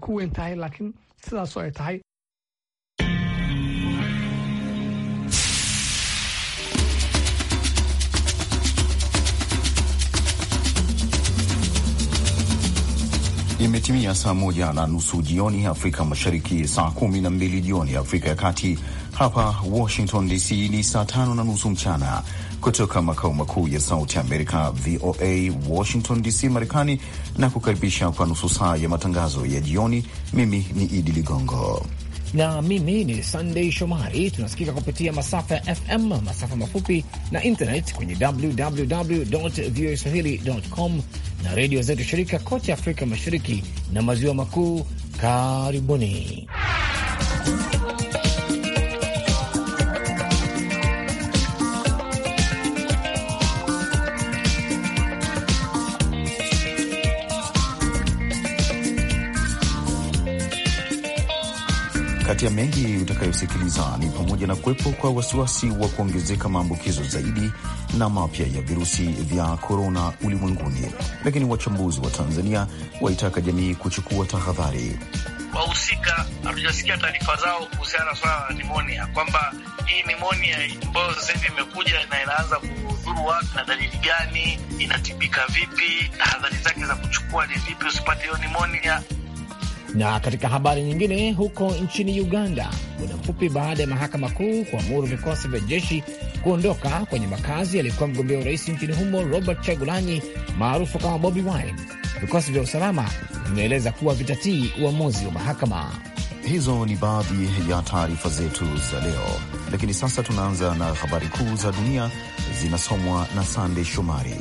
ku uh, weyn tahay laakiin sidaasoo ay tahay Imetimia saa moja na nusu jioni Afrika Mashariki, saa kumi na mbili jioni Afrika ya Kati. Hapa Washington DC ni saa tano na nusu mchana kutoka makao makuu ya Sauti ya Amerika, VOA Washington DC, Marekani, na kukaribisha kwa nusu saa ya matangazo ya jioni. Mimi ni Idi Ligongo na mimi ni sandey Shomari. Tunasikika kupitia masafa ya FM, masafa mafupi na internet kwenye www voa swahilicom na redio zetu shirika kote Afrika Mashariki na Maziwa Makuu. Karibuni Kati ya mengi utakayosikiliza ni pamoja na kuwepo kwa wasiwasi wa kuongezeka maambukizo zaidi na mapya ya virusi vya korona ulimwenguni, lakini wachambuzi wa Tanzania waitaka jamii kuchukua tahadhari. Wahusika hatujasikia taarifa zao kuhusiana na swala la nimonia, kwamba hii nimonia ambayo sasa hivi imekuja na inaanza kudhuru watu na dalili gani, inatibika vipi, tahadhari zake za kuchukua ni vipi, usipate hiyo nimonia. Na katika habari nyingine, huko nchini Uganda, muda mfupi baada ya mahakama kuu kuamuru vikosi vya jeshi kuondoka kwenye makazi yaliyokuwa mgombea urais nchini humo Robert Chagulanyi maarufu kama Bobi Wine, vikosi vya usalama vimeeleza kuwa vitatii uamuzi wa mahakama. Hizo ni baadhi ya taarifa zetu za leo, lakini sasa tunaanza na habari kuu za dunia zinasomwa na Sande Shomari.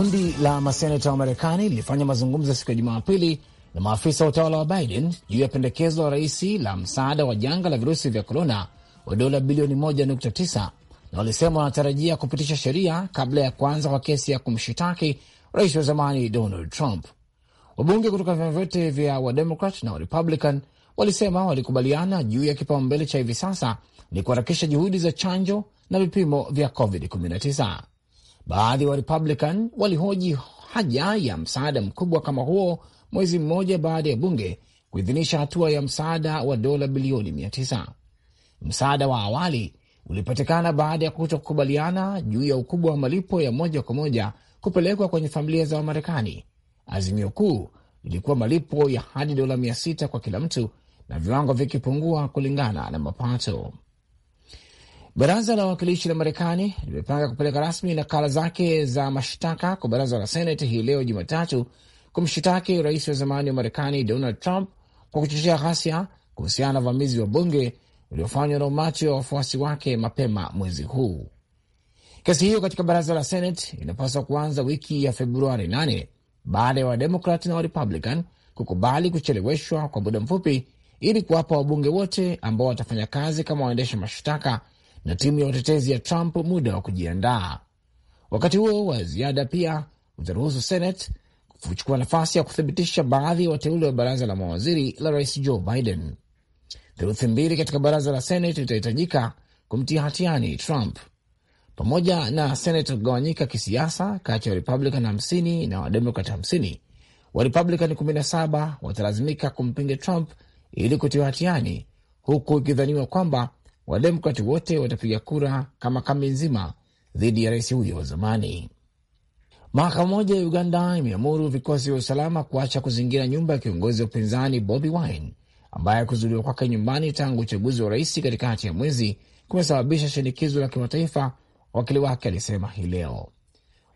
Kundi la maseneta wa Marekani lilifanya mazungumzo siku ya Jumapili na maafisa wa utawala wa Biden juu ya pendekezo la rais la msaada wa janga la virusi vya korona wa dola bilioni 1.9 na walisema wanatarajia kupitisha sheria kabla ya kuanza kwa kesi ya kumshitaki rais wa zamani Donald Trump. Wabunge kutoka vyama vyote vya Wademokrat na Warepublican walisema walikubaliana juu ya kipaumbele cha hivi sasa ni kuharakisha juhudi za chanjo na vipimo vya COVID-19. Baadhi wa Republican walihoji haja ya msaada mkubwa kama huo mwezi mmoja baada ya bunge kuidhinisha hatua ya msaada wa dola bilioni 9 Msaada wa awali ulipatikana baada ya kuto kukubaliana juu ya ukubwa wa malipo ya moja kwa moja kupelekwa kwenye familia za Wamarekani. Azimio kuu lilikuwa malipo ya hadi dola ia6 kwa kila mtu na viwango vikipungua kulingana na mapato. Baraza la wawakilishi la Marekani limepanga kupeleka rasmi nakala zake za mashtaka kwa baraza la Senate hii leo Jumatatu kumshitaki rais wa zamani wa Marekani Donald Trump kwa kuchochea ghasia kuhusiana na uvamizi wa bunge uliofanywa na umati wa wafuasi wake mapema mwezi huu. Kesi hiyo katika baraza la Senate inapaswa kuanza wiki ya Februari 8 baada ya Wademokrat na Warepublican kukubali kucheleweshwa kwa muda mfupi ili kuwapa wabunge wote ambao watafanya kazi kama waendesha mashtaka na timu ya utetezi ya Trump muda wa kujiandaa. Wakati huo wa ziada pia utaruhusu Senate kuchukua nafasi ya kuthibitisha baadhi ya wateule wa baraza la mawaziri la rais Joe Biden. Theluthi mbili katika baraza la Senate itahitajika kumtia hatiani Trump, pamoja na Senate kugawanyika kisiasa kati ya Warepublican 50 na Wademokrat 50. Warepublican 17 watalazimika kumpinga Trump ili kutiwa hatiani, huku ikidhaniwa kwamba Wademokrati wote watapiga kura kama kambi nzima dhidi ya rais huyo wa zamani. Mahakama moja ya Uganda imeamuru vikosi vya usalama kuacha kuzingira nyumba ya kiongozi wa upinzani Bobi Wine ambaye kuzuliwa kwake nyumbani tangu uchaguzi wa rais katikati ya mwezi kumesababisha shinikizo la kimataifa, wakili wake alisema hii leo.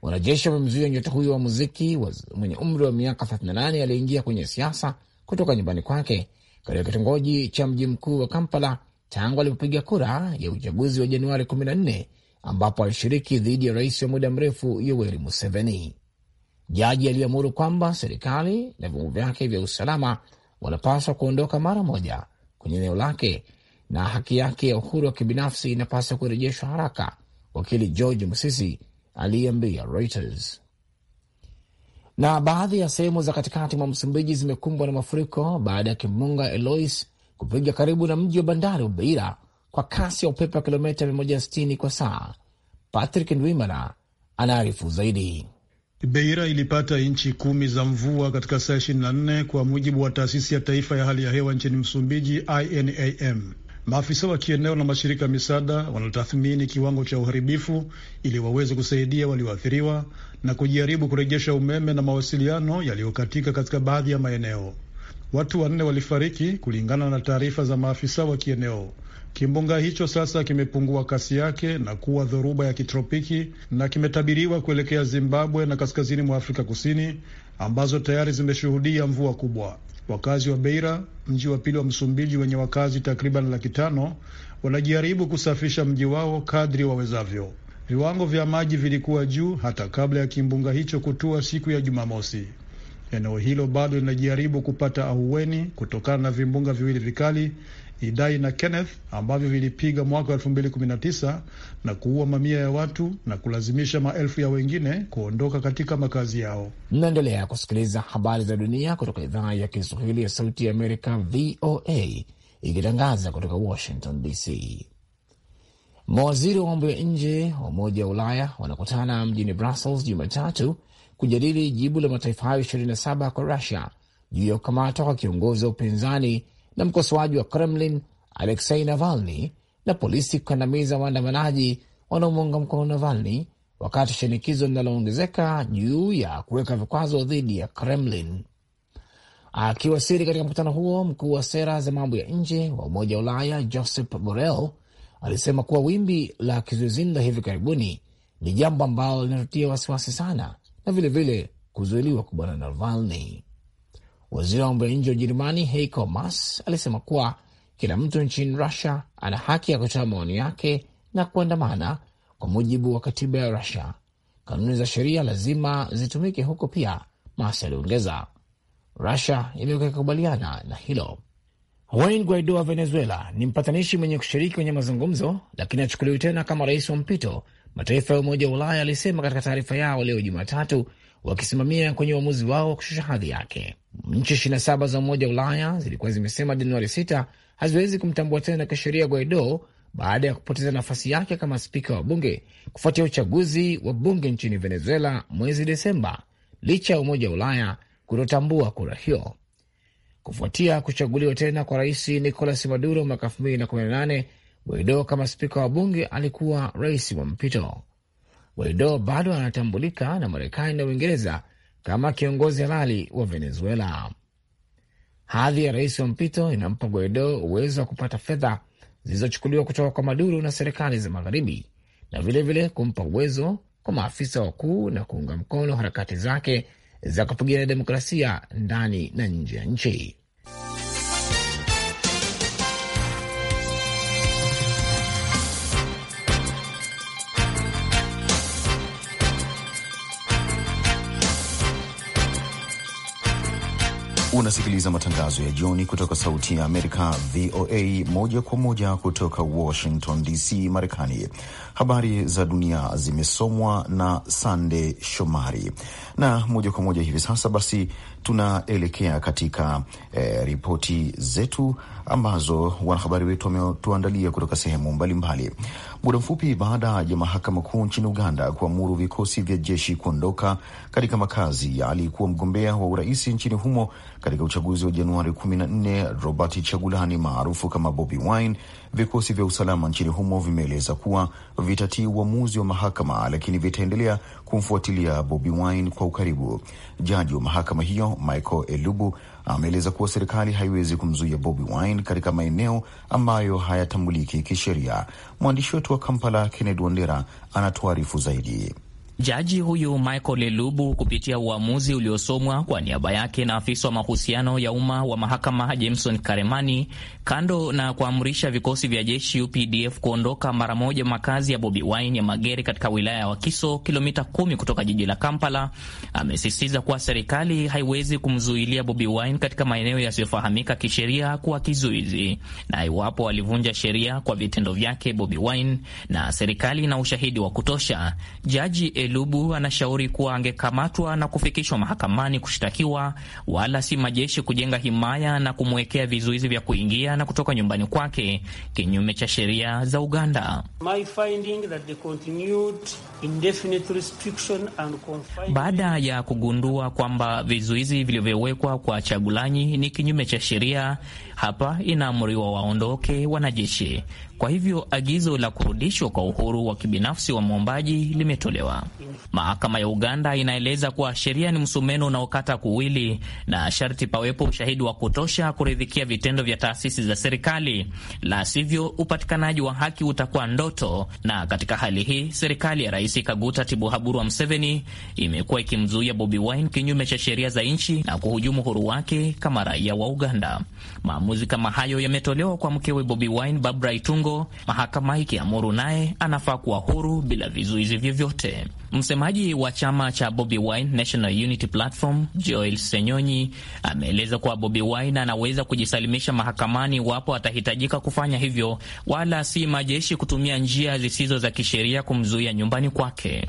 Wanajeshi wamemzuia nyota huyo wa muziki mwenye umri wa miaka 38 aliyeingia kwenye siasa kutoka nyumbani kwake katika kitongoji cha mji mkuu wa Kampala tangu alipopiga kura ya uchaguzi wa Januari 14 ambapo alishiriki dhidi ya rais wa muda mrefu Yoweri Museveni. Jaji aliamuru kwamba serikali na vyombo vyake vya usalama wanapaswa kuondoka mara moja kwenye eneo lake na haki yake ya uhuru wa kibinafsi inapaswa kurejeshwa haraka, wakili George Musisi aliyeambia Reuters. Na baadhi ya sehemu za katikati mwa Msumbiji zimekumbwa na mafuriko baada ya kimbunga Eloise kupiga karibu na mji wa bandari wa Beira kwa kasi ya upepo wa kilomita 160 kwa saa. Patrick Ndwimana anaarifu zaidi. Beira ilipata inchi kumi za mvua katika saa 24 kwa mujibu wa taasisi ya taifa ya hali ya hewa nchini Msumbiji, INAM. Maafisa wa kieneo na mashirika ya misaada wanatathmini kiwango cha uharibifu ili waweze kusaidia walioathiriwa na kujaribu kurejesha umeme na mawasiliano yaliyokatika katika baadhi ya maeneo. Watu wanne walifariki kulingana na taarifa za maafisa wa kieneo. Kimbunga hicho sasa kimepungua kasi yake na kuwa dhoruba ya kitropiki na kimetabiriwa kuelekea Zimbabwe na kaskazini mwa Afrika Kusini ambazo tayari zimeshuhudia mvua kubwa. Wakazi wa Beira, mji wa pili wa Msumbiji wenye wakazi takriban laki tano, wanajaribu kusafisha mji wao kadri wawezavyo. Viwango vya maji vilikuwa juu hata kabla ya kimbunga hicho kutua siku ya Jumamosi. Eneo hilo bado linajaribu kupata ahueni kutokana na vimbunga viwili vikali Idai na Kenneth ambavyo vilipiga mwaka wa 2019 na kuua mamia ya watu na kulazimisha maelfu ya wengine kuondoka katika makazi yao. Mnaendelea kusikiliza habari za dunia kutoka idhaa ya Kiswahili ya Sauti ya Amerika, VOA, ikitangaza kutoka Washington DC. Mawaziri wa mambo ya nje wa Umoja wa Ulaya wanakutana mjini Brussels Jumatatu kujadili jibu la mataifa hayo 27 kwa Rusia juu ya kukamatwa kwa kiongozi wa upinzani na mkosoaji wa Kremlin Aleksei Navalny na polisi kukandamiza waandamanaji wanaomuunga mkono Navalny wakati shinikizo linaloongezeka juu ya kuweka vikwazo dhidi ya Kremlin. Akiwasiri katika mkutano huo, mkuu wa sera za mambo ya nje wa Umoja wa Ulaya Joseph Borrell alisema kuwa wimbi la kizuizini la hivi karibuni ni jambo ambalo linatutia wasiwasi sana na vilevile kuzuiliwa kwa bwana Navalny. Waziri wa mambo ya nje wa Ujerumani Heiko Maas alisema kuwa kila mtu nchini Rusia ana haki ya kutoa maoni yake na kuandamana kwa mujibu wa katiba ya Rusia. Kanuni za sheria lazima zitumike huko pia, Maas aliongeza. Rusia imeweka kukubaliana na hilo. Juan Guaido wa Venezuela ni mpatanishi mwenye kushiriki kwenye mazungumzo, lakini achukuliwi tena kama rais wa mpito mataifa ya Umoja wa Ulaya yalisema katika taarifa yao leo Jumatatu, wakisimamia kwenye uamuzi wao wa kushusha hadhi yake. Nchi saba za Umoja wa Ulaya zilikuwa zimesema Januari 6 haziwezi kumtambua tena kisheria Guaido baada ya kupoteza nafasi yake kama spika wa bunge kufuatia uchaguzi wa bunge nchini Venezuela mwezi Desemba, licha ya Umoja wa Ulaya kutotambua kura hiyo. Kufuatia kuchaguliwa tena kwa Rais Nicolas Maduro mwaka 2018 Guaido kama spika wa bunge alikuwa rais wa mpito. Guaido bado anatambulika na Marekani na Uingereza kama kiongozi halali wa Venezuela. Hadhi ya rais wa mpito inampa Guaido uwezo wa kupata fedha zilizochukuliwa kutoka kwa Maduro na serikali za Magharibi, na vilevile vile kumpa uwezo kwa maafisa wakuu na kuunga mkono harakati zake za kupigania demokrasia ndani na nje ya nchi. Unasikiliza matangazo ya jioni kutoka Sauti ya Amerika, VOA, moja kwa moja kutoka Washington DC, Marekani. Habari za dunia zimesomwa na Sande Shomari na moja kwa moja hivi sasa basi tunaelekea katika eh, ripoti zetu ambazo wanahabari wetu wametuandalia kutoka sehemu mbalimbali. Muda mfupi baada ya mahakama kuu nchini Uganda kuamuru vikosi vya jeshi kuondoka katika makazi ya aliyekuwa mgombea wa urais nchini humo katika uchaguzi wa Januari 14 Robert Chagulani maarufu kama Bobi Wine, vikosi vya usalama nchini humo vimeeleza kuwa vitatii uamuzi wa mahakama, lakini vitaendelea kumfuatilia Bobi Wine kwa ukaribu. Jaji wa mahakama hiyo Michael Elubu ameeleza kuwa serikali haiwezi kumzuia Bobi Wine katika maeneo ambayo hayatambuliki kisheria. Mwandishi wetu wa Kampala, Kennedy Wandera, anatuarifu zaidi. Jaji huyu Michael Lelubu kupitia uamuzi uliosomwa kwa niaba yake na afisa wa mahusiano ya umma wa mahakama Jameson Karemani, kando na kuamrisha vikosi vya jeshi UPDF kuondoka mara moja makazi ya Bobi Wine ya Magere katika wilaya ya Wakiso, kilomita kumi kutoka jiji la Kampala, amesisitiza kuwa serikali haiwezi kumzuilia Bobi Wine katika maeneo yasiyofahamika kisheria kuwa kizuizi, na iwapo alivunja sheria kwa vitendo vyake Bobi Wine na serikali na ushahidi wa kutosha, jaji Elubu anashauri kuwa angekamatwa na kufikishwa mahakamani kushtakiwa, wala si majeshi kujenga himaya na kumwekea vizuizi vya kuingia na kutoka nyumbani kwake kinyume cha sheria za Uganda. Baada ya kugundua kwamba vizuizi vilivyowekwa kwa Chagulanyi ni kinyume cha sheria hapa inaamriwa waondoke wanajeshi. Kwa hivyo agizo la kurudishwa kwa uhuru wa kibinafsi wa mwombaji limetolewa. Mahakama ya Uganda inaeleza kuwa sheria ni msumeno unaokata kuwili na sharti pawepo ushahidi wa kutosha kuridhikia vitendo vya taasisi za serikali, la sivyo upatikanaji wa haki utakuwa ndoto. Na katika hali hii serikali ya Rais Kaguta wa mseveni imekuwa ikimzuia Bobi Wine kinyume cha sheria za nchi na kuhujumu uhuru wake kama raia wa Uganda. Mamu Maamuzi kama hayo yametolewa kwa mkewe Bobi Wine, Barbara Itungo, mahakama ikiamuru naye anafaa kuwa huru bila vizuizi vyovyote. Msemaji wa chama cha Bobi Wine National Unity Platform, Joel Senyonyi ameeleza kuwa Bobi Wine anaweza kujisalimisha mahakamani iwapo atahitajika kufanya hivyo, wala si majeshi kutumia njia zisizo za kisheria kumzuia nyumbani kwake.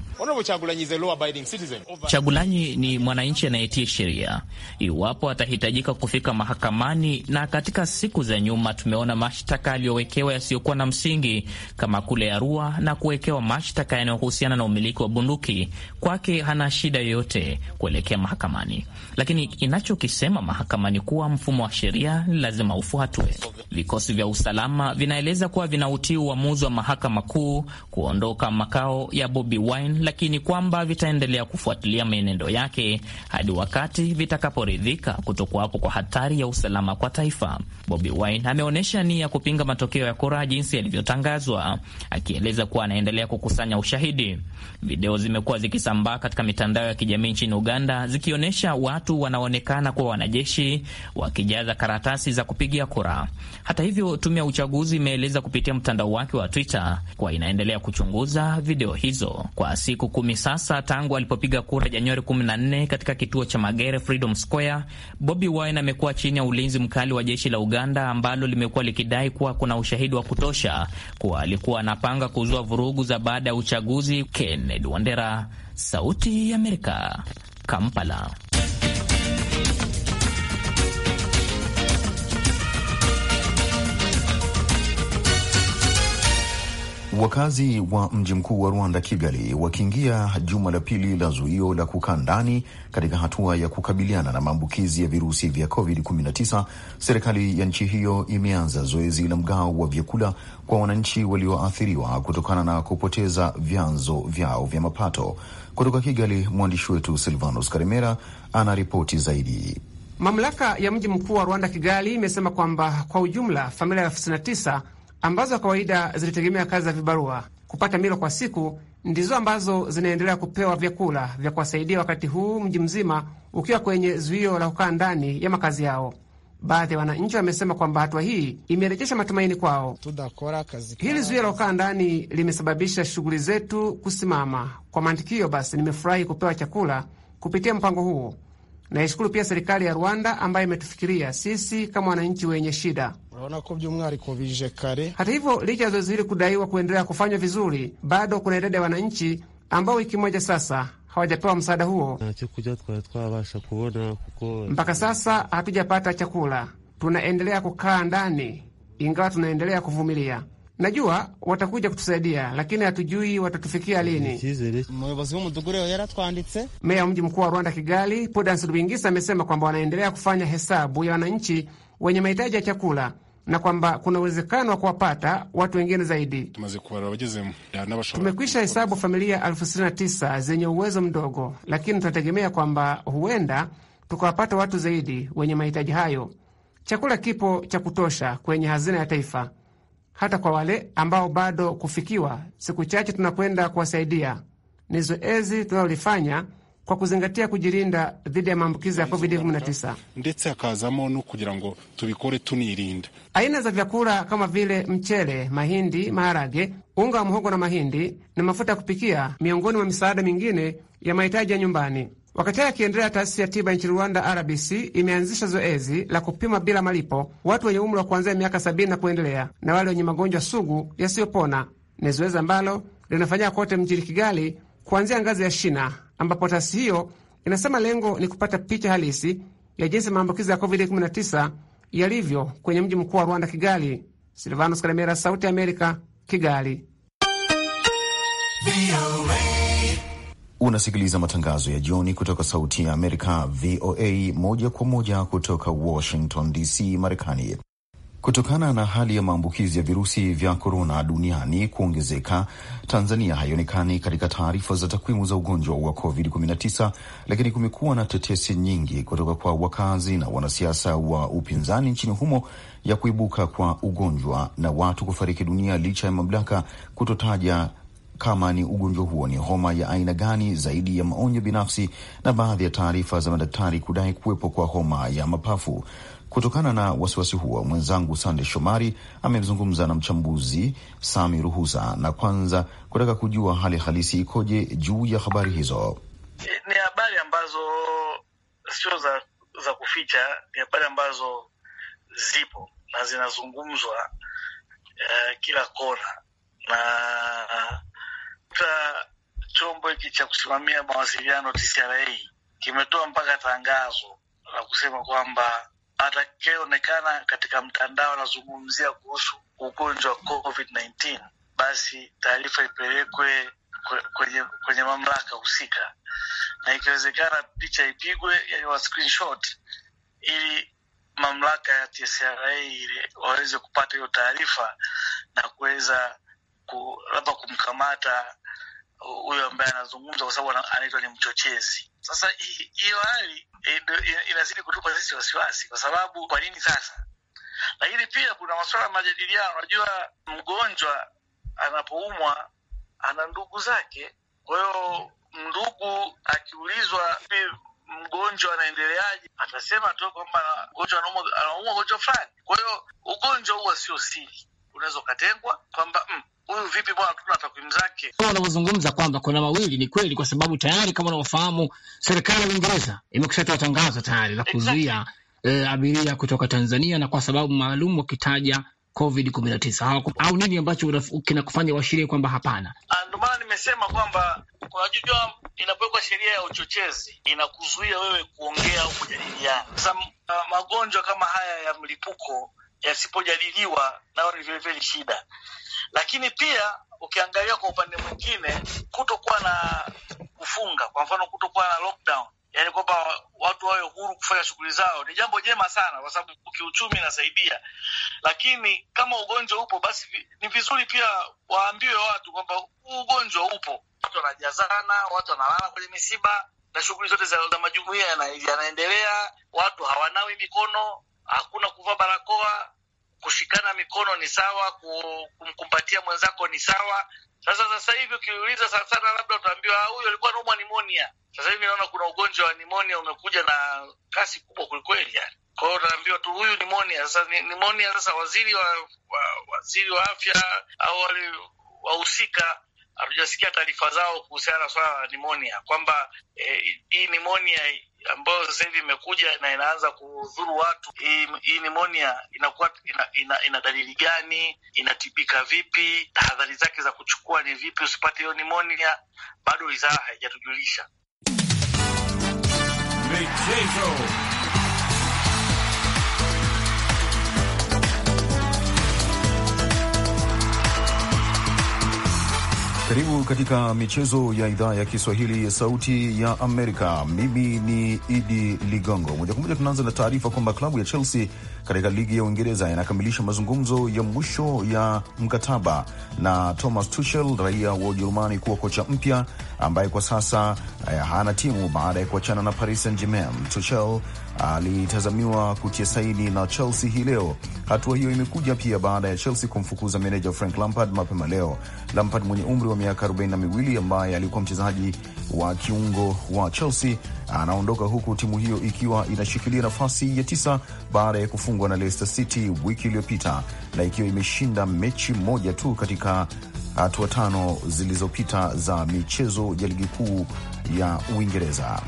Chagulanyi ni mwananchi anayetii sheria iwapo atahitajika kufika mahakamani, na katika siku za nyuma tumeona mashtaka aliyowekewa yasiyokuwa na msingi kama kule Arua na kuwekewa mashtaka yanayohusiana na umiliki wa bunduki bunduki kwake hana shida yoyote kuelekea mahakamani, lakini inachokisema mahakamani kuwa mfumo wa sheria ni lazima ufuatwe. Vikosi vya usalama vinaeleza kuwa vinautii uamuzi wa mahakama kuu kuondoka makao ya Bobi Wine, lakini kwamba vitaendelea kufuatilia mienendo yake hadi wakati vitakaporidhika kutokuwapo kwa hatari ya usalama kwa taifa. Bobi Wine ameonyesha nia ya kupinga matokeo ya kura jinsi yalivyotangazwa, akieleza kuwa anaendelea kukusanya ushahidi video zimekuwa zikisambaa katika mitandao ya kijamii nchini Uganda zikionyesha watu wanaonekana kuwa wanajeshi wakijaza karatasi za kupigia kura. Hata hivyo, tume ya uchaguzi imeeleza kupitia mtandao wake wa Twitter kuwa inaendelea kuchunguza video hizo kwa siku kumi sasa tangu alipopiga kura Januari 14 katika kituo cha Magere Freedom Square. Bobi Wine amekuwa chini ya ulinzi mkali wa jeshi la Uganda ambalo limekuwa likidai kuwa kuna ushahidi wa kutosha kuwa alikuwa anapanga kuzua vurugu za baada ya uchaguzi. Kennedy Wandera, Sauti ya Amerika, Kampala. Wakazi wa mji mkuu wa Rwanda, Kigali, wakiingia juma la pili la zuio la kukaa ndani katika hatua ya kukabiliana na maambukizi ya virusi vya COVID-19, serikali ya nchi hiyo imeanza zoezi la mgao wa vyakula kwa wananchi walioathiriwa kutokana na kupoteza vyanzo vyao vya mapato. Kutoka Kigali, mwandishi wetu Silvanos Karimera ana ripoti zaidi. Mamlaka ya mji mkuu wa Rwanda, Kigali, imesema kwamba kwa ujumla familia elfu sitini na tisa ambazo kwa kawaida zilitegemea kazi za vibarua kupata milo kwa siku, ndizo ambazo zinaendelea kupewa vyakula vya kuwasaidia, wakati huu mji mzima ukiwa kwenye zuio la kukaa ndani ya makazi yao. Baadhi ya wananchi wamesema kwamba hatua hii imerejesha matumaini kwao. Hili zuio la kukaa ndani limesababisha shughuli zetu kusimama. Kwa mantikio basi, nimefurahi kupewa chakula kupitia mpango huo Naishukuru pia serikali ya Rwanda ambayo imetufikiria sisi kama wananchi wenye shida. Hata hivyo, licha ya zoezi hili kudaiwa kuendelea kufanywa vizuri, bado kuna idadi ya wananchi ambao wiki moja sasa hawajapewa msaada huo. Mpaka sasa hatujapata chakula, tunaendelea kukaa ndani, ingawa tunaendelea kuvumilia najua watakuja kutusaidia, lakini hatujui watatufikia lini. Meya wa mji mkuu wa Rwanda, Kigali, Prudensi Rubingisa, amesema kwamba wanaendelea kufanya hesabu ya wananchi wenye mahitaji ya chakula na kwamba kuna uwezekano wa kuwapata watu wengine zaidi. Tumekwisha hesabu familia elfu sitini na tisa zenye uwezo mdogo, lakini tunategemea kwamba huenda tukawapata watu zaidi wenye mahitaji hayo. Chakula kipo cha kutosha kwenye hazina ya taifa hata kwa wale ambao bado kufikiwa, siku chache tunakwenda kuwasaidia. Ni zoezi tunalolifanya kwa kuzingatia kujilinda dhidi ya maambukizi ya COVID-19 ndetse akazamo no kugira ngo tubikore tunirinda. Aina za vyakula kama vile mchele, mahindi, maharage, unga wa muhogo na mahindi na mafuta ya kupikia, miongoni mwa misaada mingine ya mahitaji ya nyumbani. Wakati hayo akiendelea, taasisi ya tiba nchini Rwanda, RBC, imeanzisha zoezi la kupima bila malipo watu wenye umri wa kuanzia miaka sabini na kuendelea na wale wenye magonjwa sugu yasiyopona. Ni zoezi ambalo linafanyika kote mjini Kigali kuanzia ngazi ya shina, ambapo taasisi hiyo inasema lengo ni kupata picha halisi ya jinsi maambukizi ya COVID-19 yalivyo kwenye mji mkuu wa Rwanda, Kigali. Silvanos Karemera, Sauti ya Amerika, Kigali. Unasikiliza matangazo ya jioni kutoka Sauti ya Amerika, VOA, moja kwa moja kutoka Washington DC, Marekani. Kutokana na hali ya maambukizi ya virusi vya korona duniani kuongezeka, Tanzania haionekani katika taarifa za takwimu za ugonjwa wa COVID-19, lakini kumekuwa na tetesi nyingi kutoka kwa wakazi na wanasiasa wa upinzani nchini humo ya kuibuka kwa ugonjwa na watu kufariki dunia licha ya mamlaka kutotaja kama ni ugonjwa huo ni homa ya aina gani, zaidi ya maonyo binafsi na baadhi ya taarifa za madaktari kudai kuwepo kwa homa ya mapafu. Kutokana na wasiwasi huo, mwenzangu Sande Shomari amezungumza na mchambuzi Sami Ruhusa na kwanza kutaka kujua hali halisi ikoje juu ya habari hizo. Ni habari ambazo sio za, za kuficha, ni habari ambazo zipo na zinazungumzwa uh, kila kona na Unakuta chombo hiki cha kusimamia mawasiliano TCRA kimetoa mpaka tangazo la kusema kwamba atakayeonekana katika mtandao anazungumzia kuhusu ugonjwa wa COVID-19 basi taarifa ipelekwe kwenye kwenye mamlaka husika, na ikiwezekana picha ipigwe, yani wa screenshot, ili mamlaka ya TCRA ile waweze kupata hiyo taarifa na kuweza labda kumkamata huyo ambaye anazungumza kwa sababu anaitwa ni mchochezi. Sasa hiyo hali eh, inazidi kutupa sisi wasiwasi, kwa sababu kwa nini sasa? Lakini pia kuna masuala ya majadiliano. Unajua, mgonjwa anapoumwa ana ndugu zake, kwa hiyo ndugu akiulizwa mgonjwa anaendeleaje, atasema tu kwamba mgonjwa anaumwa ugonjwa fulani. Kwa hiyo ugonjwa huwa sio siri, unaweza ukatengwa kwamba mm, huyu vipi bwana, tuna takwimu zake. Kama unavyozungumza kwamba kuna mawili, ni kweli, kwa sababu tayari kama unavyofahamu serikali ya Uingereza imekushatoa tangazo tayari la kuzuia e, abiria kutoka Tanzania na kwa sababu maalum wakitaja COVID 19 au nini ambacho kinakufanya uashirie kwamba hapana? Ah, ndio maana nimesema kwamba unajua, inapowekwa sheria ya uchochezi inakuzuia wewe kuongea au kujadiliana. Sasa uh, magonjwa kama haya ya mlipuko yasipojadiliwa, nayo ni vilevile shida. Lakini pia ukiangalia kwa upande mwingine, kutokuwa na kufunga, kwa mfano kutokuwa na lockdown, yani kwamba watu wawe huru kufanya shughuli zao, ni jambo jema sana, kwa sababu kiuchumi inasaidia. Lakini kama ugonjwa upo, basi ni vizuri pia waambiwe watu kwamba huu ugonjwa upo. Watu wanajazana, watu wanalala kwenye misiba na shughuli zote za, za majumuia yanaendelea, watu hawanawi mikono, hakuna kuvaa barakoa kushikana mikono ni sawa, kumkumbatia mwenzako ni sawa. Sasa sasa hivi ukiuliza sana sana, labda utaambiwa ah, huyo alikuwa anaumwa nimonia. Sasa hivi naona kuna ugonjwa wa nimonia umekuja na kasi kubwa kwelikweli, yani kwa hiyo utaambiwa tu huyu nimonia. Sasa nimonia, sasa waziri wa, wa waziri wa afya au wale wahusika hatujasikia taarifa zao kuhusiana na swala la nimonia kwamba eh, hii e, nimonia ambayo sasa hivi imekuja na inaanza kudhuru watu. Hii, nimonia inakuwa ina, ina, ina dalili gani? Inatibika vipi? Tahadhari zake za kuchukua ni vipi usipate hiyo nimonia? Bado wizara haijatujulisha. Michezo. Karibu katika michezo ya idhaa ya Kiswahili ya Sauti ya Amerika. Mimi ni Idi Ligongo. Moja kwa moja tunaanza na taarifa kwamba klabu ya Chelsea katika ligi ya Uingereza inakamilisha mazungumzo ya mwisho ya mkataba na Thomas Tuchel, raia wa Ujerumani, kuwa kocha mpya ambaye kwa sasa eh, hana timu baada ya kuachana na Paris Saint Germain. Tuchel alitazamiwa kutia saini na Chelsea hii leo. Hatua hiyo imekuja pia baada ya Chelsea kumfukuza meneja Frank Lampard mapema leo. Lampard mwenye umri wa miaka arobaini na miwili ambaye alikuwa mchezaji wa kiungo wa Chelsea anaondoka huku timu hiyo ikiwa inashikilia nafasi ya tisa baada ya kufungwa na Leicester City wiki iliyopita na ikiwa imeshinda mechi moja tu katika hatua tano zilizopita za michezo ya ligi kuu ya Uingereza.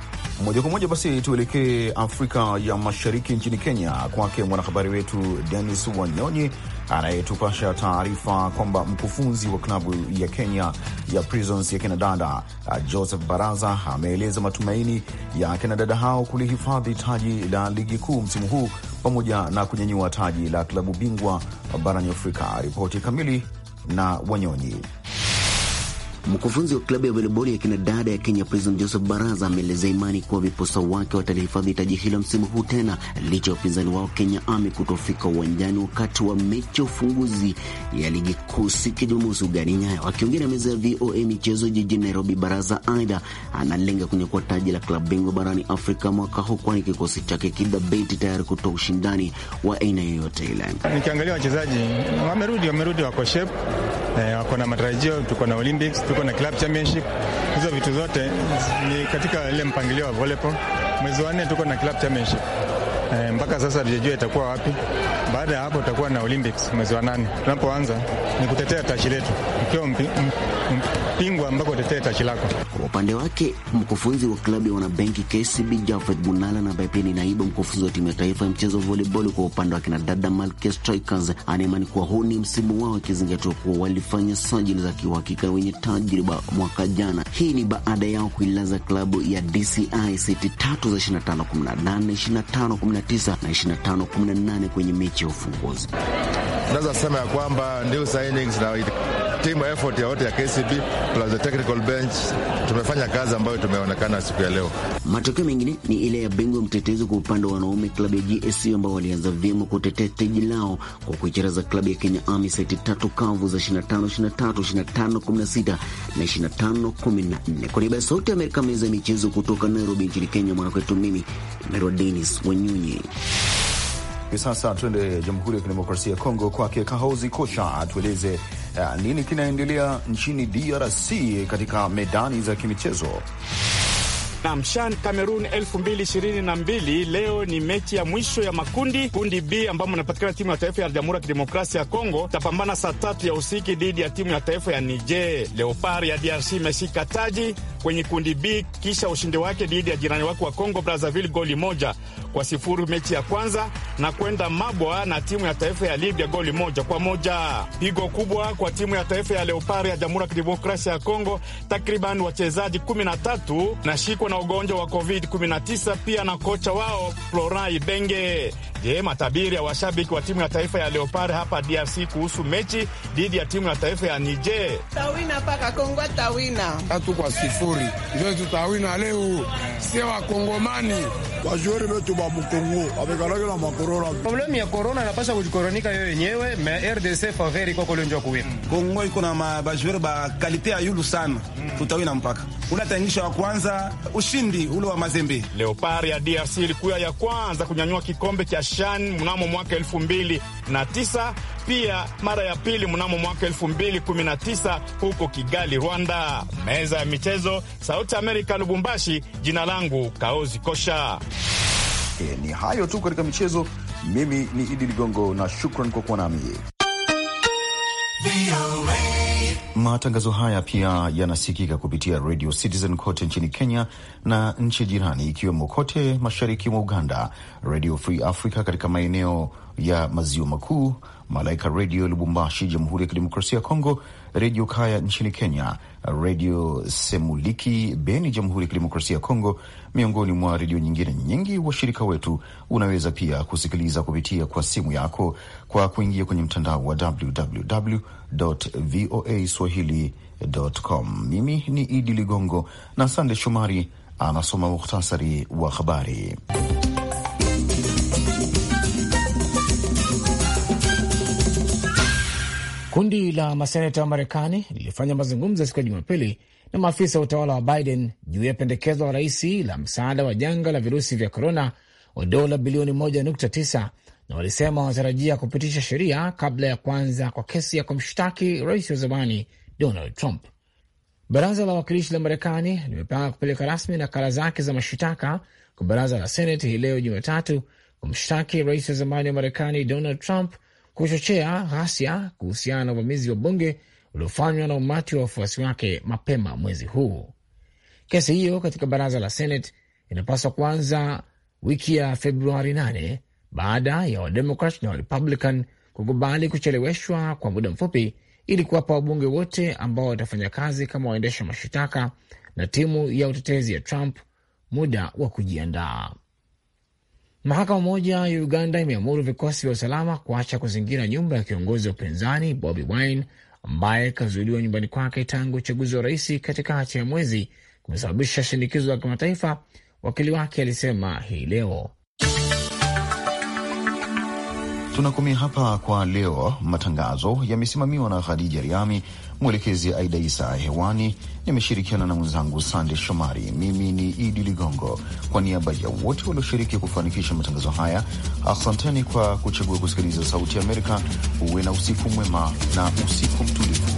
Moja kwa moja basi tuelekee Afrika ya Mashariki, nchini Kenya, kwake mwanahabari wetu Denis Wanyonyi anayetupasha taarifa kwamba mkufunzi wa klabu ya Kenya ya Prisons ya kinadada uh, Joseph Baraza ameeleza matumaini ya kinadada hao kulihifadhi taji la ligi kuu msimu huu pamoja na kunyanyua taji la klabu bingwa barani Afrika. Ripoti kamili na Wanyonyi. Mkufunzi wa klabu ya voleboli ya kinadada ya Kenya Prison Joseph Baraza ameelezea imani kuwa viposa wake watalihifadhi taji hilo msimu huu tena licha ya upinzani wao Kenya Army kutofika uwanjani wakati wa mechi ya ufunguzi ya ligi kuu siku ya Jumamosi ugani Nyayo. Akiongea na meza ya VOA michezo jijini Nairobi, Baraza aidha analenga kunyakua taji la klabu bingwa barani Afrika mwaka huu, kwani kikosi chake kidhabiti tayari kutoa ushindani wa aina yoyote ile. Nikiangalia wachezaji wamerudi, wamerudi wako shape, eh, wako na matarajio, tuko na Olympics tuko tuko na club championship. Hizo vitu zote ni katika ile mpangilio wa volleyball. Mwezi wa nne tuko na club championship. E, mpaka sasa hatujajua itakuwa wapi. Baada ya hapo tutakuwa na Olympics mwezi wa nane. Tunapoanza ni kutetea tachi letu, ukiwa mpingwa ambako utetee taji lako. Kwa upande wake mkufunzi wa klabu ya wanabenki KCB Jafet Bunala na ambaye pia ni naibu mkufunzi wa timu ya taifa ya mchezo wa kwa upande wa kina dada Malkia Strikers anaimani kuwa huu ni msimu wao, akizingatiwa kuwa walifanya sajili za kiuhakika wenye tajriba mwaka jana. Hii ni baada yao kuilaza klabu ya DCI seti tatu za 25 18 25 19 na 25 18 kwenye mechi ya ufunguzi. Naweza sema ya kwamba ndio sahihi na timu effort ya wote ya KCB plus the technical bench tumefanya kazi ambayo tumeonekana siku ya leo. Matokeo mengine ni ile ya bingwa mtetezi kwa upande wa wanaume, klabu ya GSC ambao walianza vyema kutetea taji lao kwa kuicharaza klabu ya Kenya Army seti tatu kavu za 25 23 25 16 na 25 14. Kwa niaba ya Sauti ya Amerika, meza ya michezo kutoka Nairobi nchini Kenya, mwanakwetu mimi Merwa Denis Wanyunyi. Hivi sasa tuende Jamhuri ya Kidemokrasia ya Kongo, kwake Kahozi Kosha atueleze uh, nini kinaendelea nchini DRC katika medani za kimichezo na mshan Cameroon 2022. Leo ni mechi ya mwisho ya makundi kundi B, ambamo inapatikana timu ya taifa ya Jamhuri ya Kidemokrasia ya Kongo itapambana saa tatu ya usiki dhidi ya timu ya taifa ya Niger. Leopard ya DRC imeshika taji kwenye kundi B kisha ushindi wake dhidi ya jirani wake wa Kongo Brazzaville goli moja kwa sifuri mechi ya kwanza na kwenda mabwa na timu ya taifa ya Libya goli moja kwa moja. Pigo kubwa kwa timu ya taifa ya Leopard ya Jamhuri ya Kidemokrasia ya Kongo, takriban wachezaji 13 na shikwa na na ugonjwa wa COVID-19 pia na kocha wao Florai Benge. Je, matabiri ya washabiki wa timu ya taifa ya Leopard hapa DRC kuhusu mechi dhidi ya timu ya taifa ya Niger? Tawina paka Kongo tawina. Tatu kwa sifuri. Ndio tutawina leo. Sio wa Kongomani. Wajuere wetu ba Mkongo. Amekalaka na makorona. Problem ya corona inapaswa kujikoronika yeye yenyewe, Me RDC faveri kwa kolonjo kuwe. Kongo iko na mabajuere ba kalite ya yulu sana. Tutawina mpaka. Unatangisha wa kwanza ushindi ule wa Mazembe. Leopard ya DRC ilikuwa ya kwanza kunyanyua kikombe cha Shan mnamo mwaka elfu mbili na tisa pia mara ya pili mnamo mwaka elfu mbili kumi na tisa huko Kigali, Rwanda. Meza ya michezo, Sauti Amerika, Lubumbashi. Jina langu Kaozi Kosha. E, ni hayo tu katika michezo. Mimi ni Idi Ligongo na shukran kwa kuwa nami. Matangazo haya pia yanasikika kupitia Radio Citizen kote nchini Kenya na nchi jirani, ikiwemo kote mashariki mwa Uganda, Radio Free Africa katika maeneo ya maziwa makuu, Malaika Radio Lubumbashi, Jamhuri ya Kidemokrasia ya Kongo, Redio Kaya nchini Kenya, Redio Semuliki Beni, Jamhuri ya Kidemokrasia ya Kongo, miongoni mwa redio nyingine nyingi washirika wetu. Unaweza pia kusikiliza kupitia kwa simu yako kwa kuingia kwenye mtandao wa www.voaswahili.com. Mimi ni Idi Ligongo na Sande Shomari anasoma muhtasari wa habari. Kundi la maseneta wa Marekani lilifanya mazungumzo siku ya Jumapili na maafisa wa utawala wa Biden juu ya pendekezo la rais la msaada wa janga la virusi vya korona wa dola bilioni 1.9 na walisema wanatarajia kupitisha sheria kabla ya kuanza kwa kesi ya kumshtaki rais wa zamani Donald Trump. Baraza la wawakilishi la Marekani limepanga kupeleka rasmi nakala zake za mashitaka kwa baraza la Seneti hii leo Jumatatu kumshtaki rais wa zamani wa Marekani Donald Trump kuchochea ghasia kuhusiana na uvamizi wa bunge uliofanywa na umati wa wafuasi wake mapema mwezi huu. Kesi hiyo katika baraza la Senate inapaswa kuanza wiki ya Februari 8 baada ya Wademokrat na Warepublican kukubali kucheleweshwa kwa muda mfupi ili kuwapa wabunge wote ambao watafanya kazi kama waendesha mashitaka na timu ya utetezi ya Trump muda wa kujiandaa. Mahakama moja ya Uganda imeamuru vikosi vya usalama kuacha kuzingira nyumba ya kiongozi wa upinzani Bobi Wine ambaye kazuiliwa nyumbani kwake tangu uchaguzi wa rais katikati ya mwezi kumesababisha shinikizo la kimataifa, wakili wake alisema hii leo. Tunakomea hapa kwa leo. Matangazo yamesimamiwa na Khadija Riami Mwelekezi Aida Isa hewani, nimeshirikiana na mwenzangu Sande Shomari. Mimi ni Idi Ligongo, kwa niaba ya wote walioshiriki kufanikisha matangazo haya, asanteni kwa kuchagua kusikiliza Sauti ya Amerika. Uwe na usiku mwema na usiku mtulivu.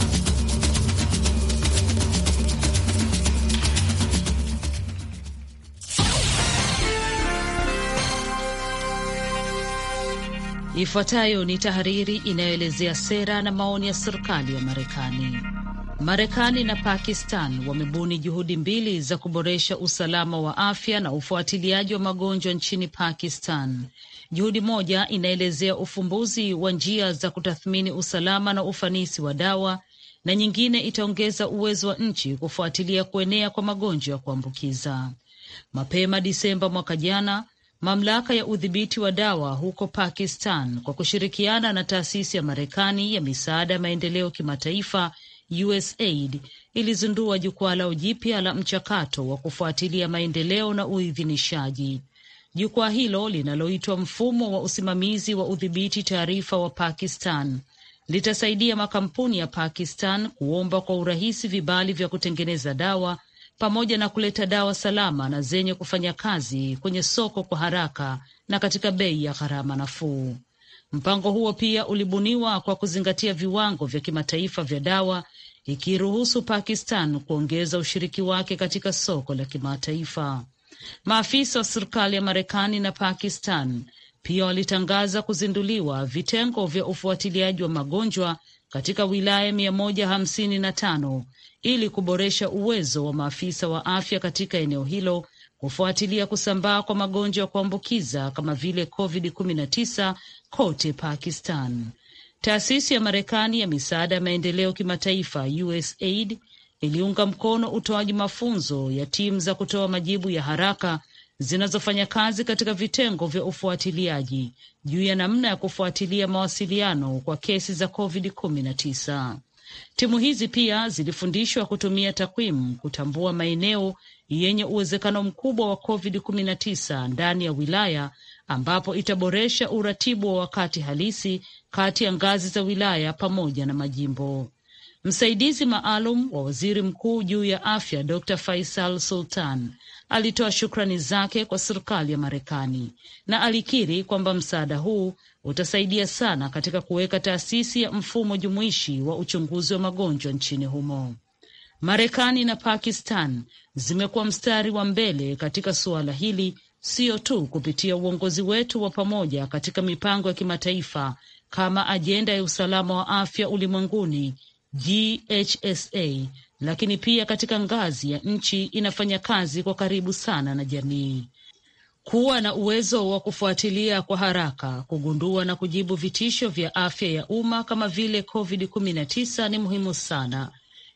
Ifuatayo ni tahariri inayoelezea sera na maoni ya serikali ya Marekani. Marekani na Pakistan wamebuni juhudi mbili za kuboresha usalama wa afya na ufuatiliaji wa magonjwa nchini Pakistan. Juhudi moja inaelezea ufumbuzi wa njia za kutathmini usalama na ufanisi wa dawa na nyingine itaongeza uwezo wa nchi kufuatilia kuenea kwa magonjwa ya kuambukiza. Mapema Disemba mwaka jana, Mamlaka ya udhibiti wa dawa huko Pakistan kwa kushirikiana na taasisi ya Marekani ya misaada ya maendeleo kimataifa USAID ilizindua jukwaa lao jipya la mchakato wa kufuatilia maendeleo na uidhinishaji. Jukwaa hilo linaloitwa mfumo wa usimamizi wa udhibiti taarifa wa Pakistan litasaidia makampuni ya Pakistan kuomba kwa urahisi vibali vya kutengeneza dawa pamoja na kuleta dawa salama na zenye kufanya kazi kwenye soko kwa haraka na katika bei ya gharama nafuu. Mpango huo pia ulibuniwa kwa kuzingatia viwango vya kimataifa vya dawa, ikiruhusu Pakistan kuongeza ushiriki wake katika soko la kimataifa. Maafisa wa serikali ya Marekani na Pakistan pia walitangaza kuzinduliwa vitengo vya ufuatiliaji wa magonjwa katika wilaya mia moja hamsini na tano ili kuboresha uwezo wa maafisa wa afya katika eneo hilo kufuatilia kusambaa kwa magonjwa ya kuambukiza kama vile COVID-19 kote Pakistan. Taasisi ya Marekani ya misaada ya maendeleo kimataifa USAID iliunga mkono utoaji mafunzo ya timu za kutoa majibu ya haraka zinazofanya kazi katika vitengo vya ufuatiliaji juu ya namna ya kufuatilia mawasiliano kwa kesi za COVID-19. Timu hizi pia zilifundishwa kutumia takwimu kutambua maeneo yenye uwezekano mkubwa wa COVID-19 ndani ya wilaya ambapo itaboresha uratibu wa wakati halisi kati ya ngazi za wilaya pamoja na majimbo. Msaidizi maalum wa waziri mkuu juu ya afya Dr Faisal Sultan alitoa shukrani zake kwa serikali ya Marekani na alikiri kwamba msaada huu utasaidia sana katika kuweka taasisi ya mfumo jumuishi wa uchunguzi wa magonjwa nchini humo. Marekani na Pakistan zimekuwa mstari wa mbele katika suala hili, siyo tu kupitia uongozi wetu wa pamoja katika mipango ya kimataifa kama ajenda ya usalama wa afya ulimwenguni GHSA lakini pia katika ngazi ya nchi inafanya kazi kwa karibu sana na jamii. Kuwa na uwezo wa kufuatilia kwa haraka, kugundua na kujibu vitisho vya afya ya umma kama vile COVID-19 ni muhimu sana.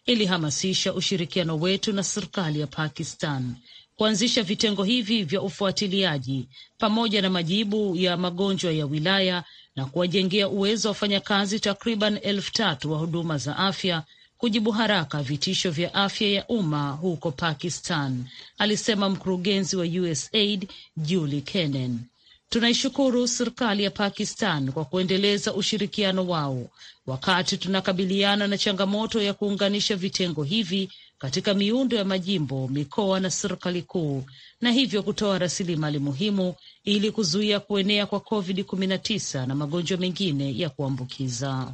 Ilihamasisha ushirikiano wetu na serikali ya Pakistan kuanzisha vitengo hivi vya ufuatiliaji pamoja na majibu ya magonjwa ya wilaya na kuwajengea uwezo wa wafanyakazi takriban elfu tatu wa huduma za afya kujibu haraka vitisho vya afya ya umma huko Pakistan, alisema mkurugenzi wa USAID Julie Kenen. Tunaishukuru serikali ya Pakistan kwa kuendeleza ushirikiano wao wakati tunakabiliana na changamoto ya kuunganisha vitengo hivi katika miundo ya majimbo, mikoa na serikali kuu, na hivyo kutoa rasilimali muhimu ili kuzuia kuenea kwa COVID-19 na magonjwa mengine ya kuambukiza.